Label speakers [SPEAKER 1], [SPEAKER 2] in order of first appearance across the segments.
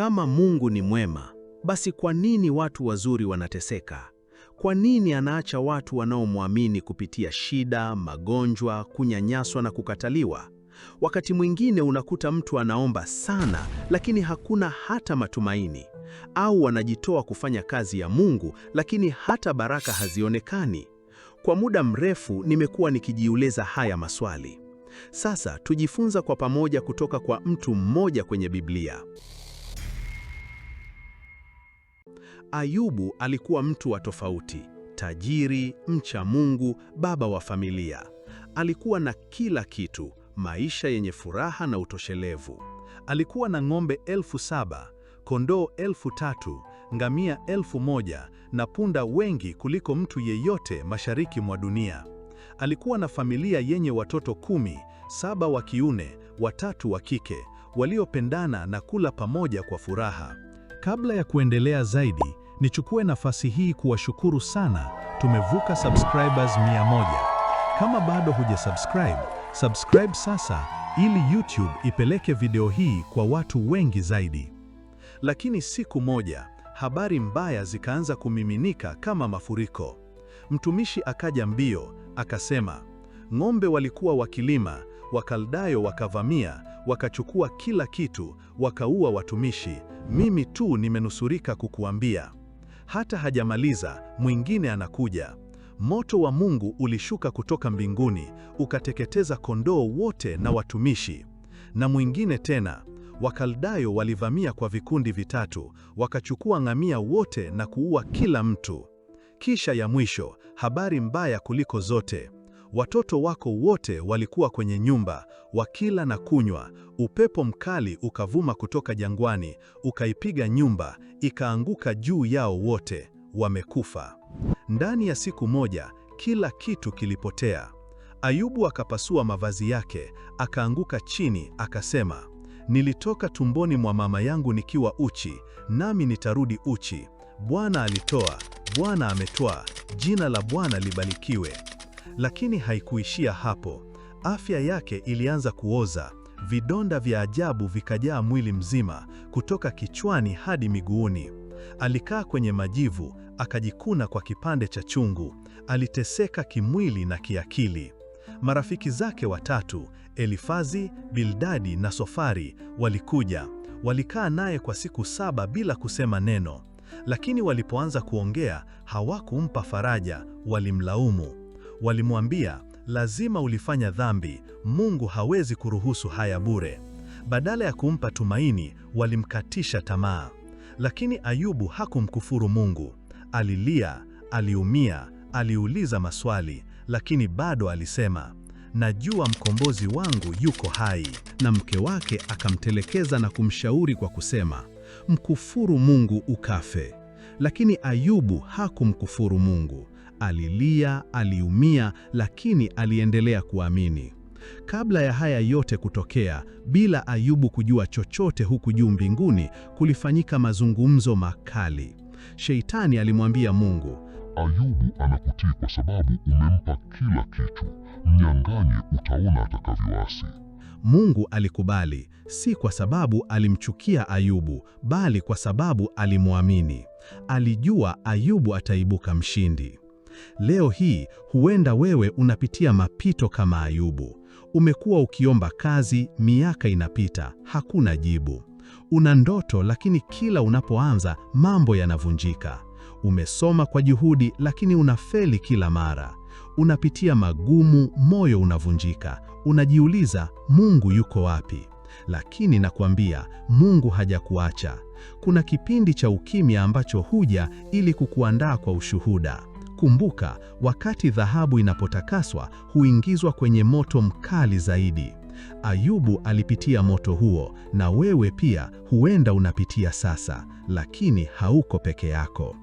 [SPEAKER 1] Kama Mungu ni mwema, basi kwa nini watu wazuri wanateseka? Kwa nini anaacha watu wanaomwamini kupitia shida, magonjwa, kunyanyaswa na kukataliwa? Wakati mwingine unakuta mtu anaomba sana, lakini hakuna hata matumaini, au wanajitoa kufanya kazi ya Mungu, lakini hata baraka hazionekani. Kwa muda mrefu nimekuwa nikijiuliza haya maswali. Sasa tujifunza kwa pamoja kutoka kwa mtu mmoja kwenye Biblia. Ayubu alikuwa mtu wa tofauti, tajiri, mcha Mungu, baba wa familia. Alikuwa na kila kitu, maisha yenye furaha na utoshelevu. Alikuwa na ng'ombe elfu saba, kondoo elfu tatu, ngamia elfu moja na punda wengi kuliko mtu yeyote mashariki mwa dunia. Alikuwa na familia yenye watoto kumi, saba wa kiume, watatu wa kike, waliopendana na kula pamoja kwa furaha. Kabla ya kuendelea zaidi, nichukue nafasi hii kuwashukuru sana. Tumevuka subscribers 100. Kama bado hujasubscribe, subscribe sasa ili YouTube ipeleke video hii kwa watu wengi zaidi. Lakini siku moja habari mbaya zikaanza kumiminika kama mafuriko. Mtumishi akaja mbio akasema, ng'ombe walikuwa wakilima Wakaldayo wakavamia, wakachukua kila kitu, wakaua watumishi. Mimi tu nimenusurika kukuambia. Hata hajamaliza, mwingine anakuja. Moto wa Mungu ulishuka kutoka mbinguni, ukateketeza kondoo wote na watumishi. Na mwingine tena, Wakaldayo walivamia kwa vikundi vitatu, wakachukua ngamia wote na kuua kila mtu. Kisha ya mwisho, habari mbaya kuliko zote. Watoto wako wote walikuwa kwenye nyumba wakila na kunywa. Upepo mkali ukavuma kutoka jangwani, ukaipiga nyumba, ikaanguka juu yao wote, wamekufa. Ndani ya siku moja kila kitu kilipotea. Ayubu akapasua mavazi yake, akaanguka chini, akasema, nilitoka tumboni mwa mama yangu nikiwa uchi, nami nitarudi uchi. Bwana alitoa, Bwana ametoa jina la Bwana libarikiwe. Lakini haikuishia hapo. Afya yake ilianza kuoza, vidonda vya ajabu vikajaa mwili mzima, kutoka kichwani hadi miguuni. Alikaa kwenye majivu, akajikuna kwa kipande cha chungu. Aliteseka kimwili na kiakili. Marafiki zake watatu, Elifazi, Bildadi na Sofari, walikuja. Walikaa naye kwa siku saba bila kusema neno. Lakini walipoanza kuongea, hawakumpa faraja, walimlaumu. Walimwambia, lazima ulifanya dhambi, Mungu hawezi kuruhusu haya bure. Badala ya kumpa tumaini, walimkatisha tamaa. Lakini Ayubu hakumkufuru Mungu. Alilia, aliumia, aliuliza maswali, lakini bado alisema, najua mkombozi wangu yuko hai. Na mke wake akamtelekeza na kumshauri kwa kusema, mkufuru Mungu ukafe. Lakini Ayubu hakumkufuru Mungu. Alilia, aliumia, lakini aliendelea kuamini. Kabla ya haya yote kutokea, bila Ayubu kujua chochote huku juu mbinguni, kulifanyika mazungumzo makali. Sheitani alimwambia Mungu,
[SPEAKER 2] Ayubu anakutii kwa sababu umempa kila kitu, mnyang'anye, utaona atakavyoasi.
[SPEAKER 1] Mungu alikubali, si kwa sababu alimchukia Ayubu, bali kwa sababu alimwamini. Alijua Ayubu ataibuka mshindi. Leo hii huenda wewe unapitia mapito kama Ayubu. Umekuwa ukiomba kazi, miaka inapita, hakuna jibu. Una ndoto lakini kila unapoanza mambo yanavunjika. Umesoma kwa juhudi lakini unafeli kila mara. Unapitia magumu, moyo unavunjika. Unajiuliza, Mungu yuko wapi? Lakini nakwambia, Mungu hajakuacha. Kuna kipindi cha ukimya ambacho huja ili kukuandaa kwa ushuhuda. Kumbuka, wakati dhahabu inapotakaswa huingizwa kwenye moto mkali zaidi. Ayubu alipitia moto huo, na wewe pia huenda unapitia sasa, lakini hauko peke yako.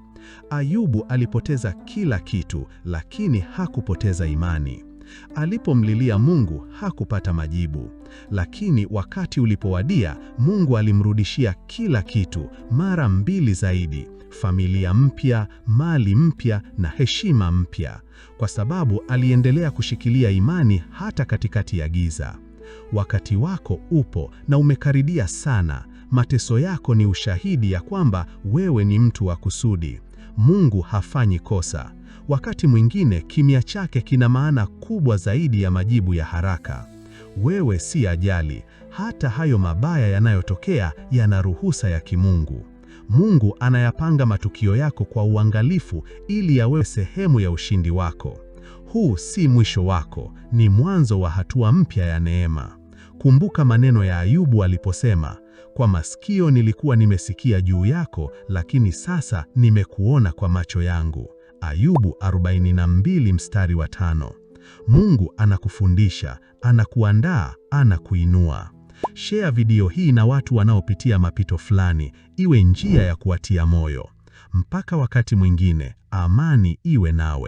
[SPEAKER 1] Ayubu alipoteza kila kitu, lakini hakupoteza imani. Alipomlilia Mungu hakupata majibu, lakini wakati ulipowadia, Mungu alimrudishia kila kitu mara mbili zaidi familia mpya, mali mpya na heshima mpya, kwa sababu aliendelea kushikilia imani hata katikati ya giza. Wakati wako upo na umekaribia sana. Mateso yako ni ushahidi ya kwamba wewe ni mtu wa kusudi. Mungu hafanyi kosa. Wakati mwingine kimya chake kina maana kubwa zaidi ya majibu ya haraka. Wewe si ajali, hata hayo mabaya yanayotokea yana ruhusa ya kimungu. Mungu anayapanga matukio yako kwa uangalifu ili yawe sehemu ya ushindi wako. Huu si mwisho wako, ni mwanzo wa hatua mpya ya neema. Kumbuka maneno ya Ayubu aliposema, kwa masikio nilikuwa nimesikia juu yako, lakini sasa nimekuona kwa macho yangu. Ayubu 42 mstari wa tano. Mungu anakufundisha, anakuandaa, anakuinua share video hii na watu wanaopitia mapito fulani, iwe njia ya kuwatia moyo. Mpaka wakati mwingine, amani iwe nawe.